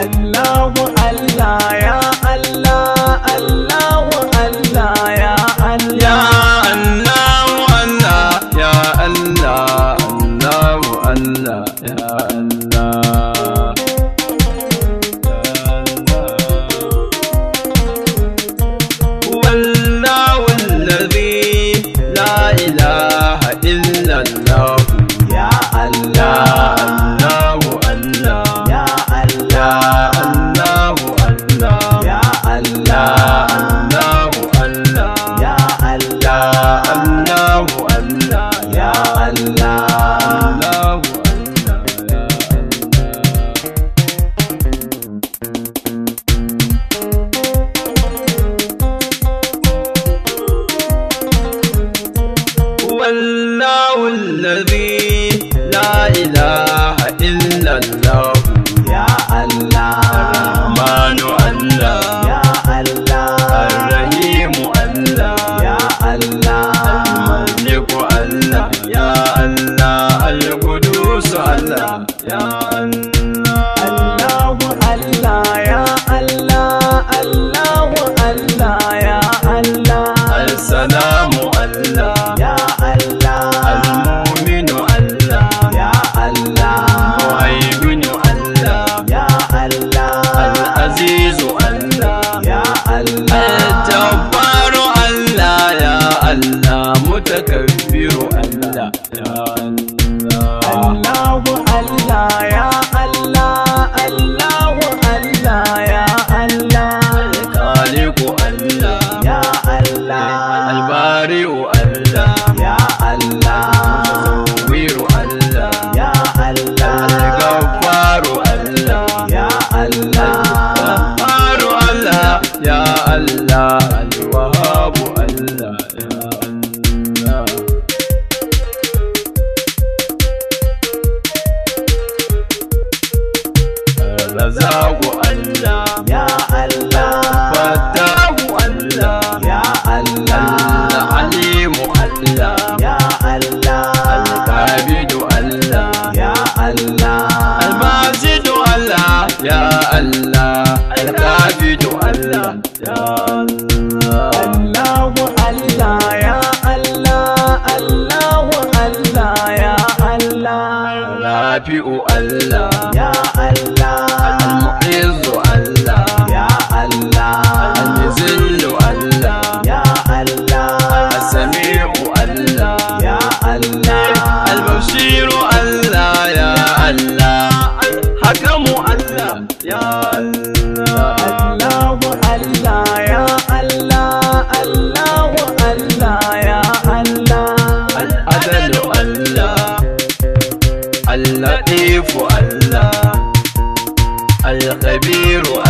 Allahu Allah ya Allah Fatahu Allah ya Allah Allah ya Allah al Allah ya Allah Al-Mazidu Allah ya Allah al ya Allah اللطيف الله الخبير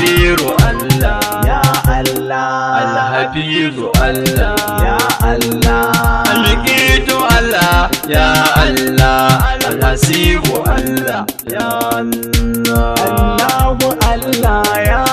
alhafizu Allah ya Allah alhafizu Allah ya Allah Alikitu Allah ya Allah alhasibu Allah ya Allah Allahu Allah ya Allah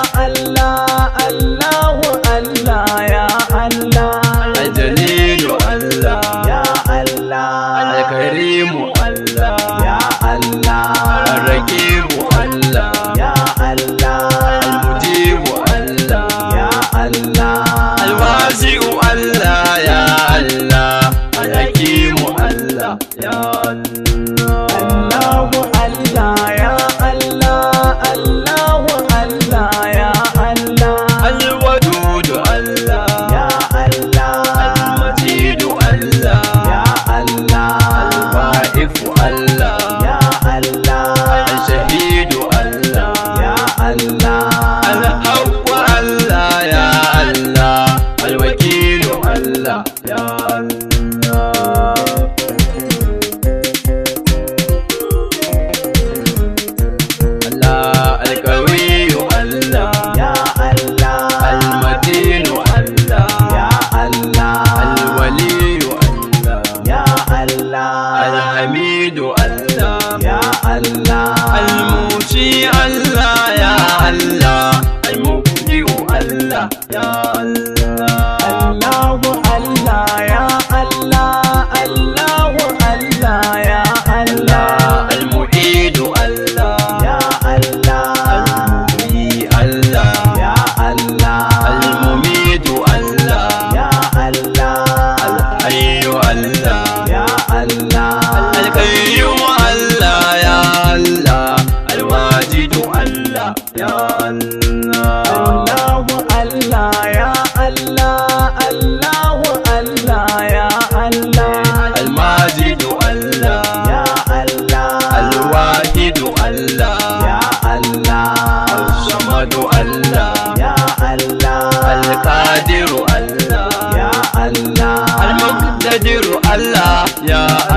Yeah.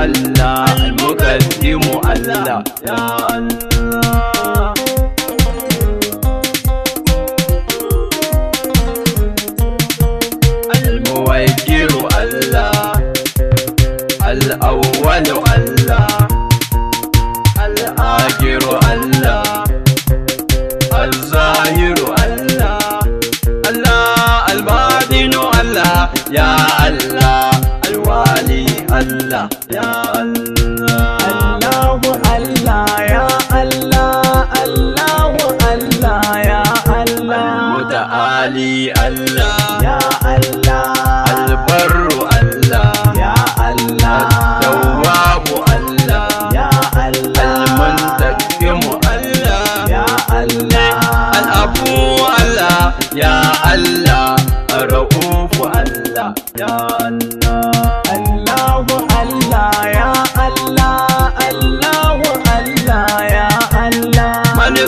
Allah al-muqaddimu Allah ya Allah Allah Allahu Allah ya Allah Allahu Allah ya Allah Muta'ali Allah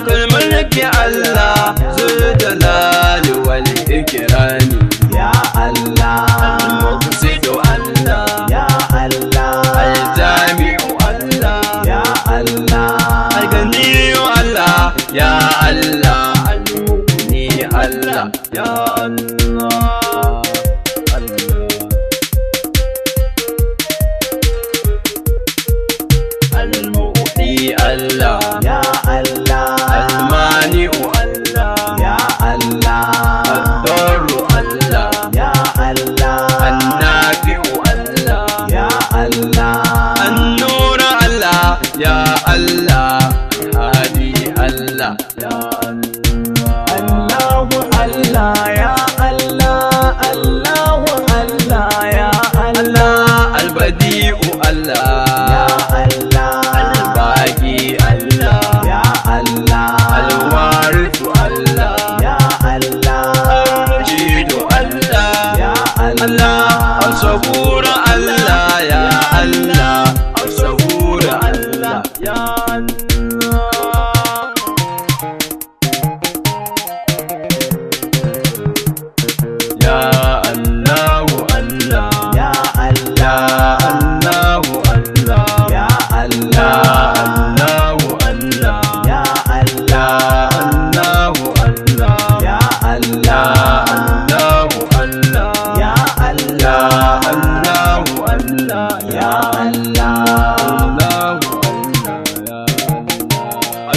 malikul Allah zul jalal wal ikram ya Allah al Allah ya Allah jamiu Allah ya Allah al Allah ya Allah Allah ya Allah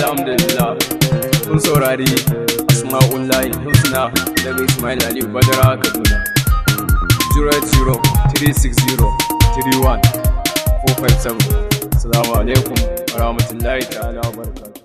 alhamdulillah kun saurari asma layi husna daga ismail ali badara kaduna 080 360 31 457 assalamu alaikum wa rahmatullahi ta'ala wa barakatuh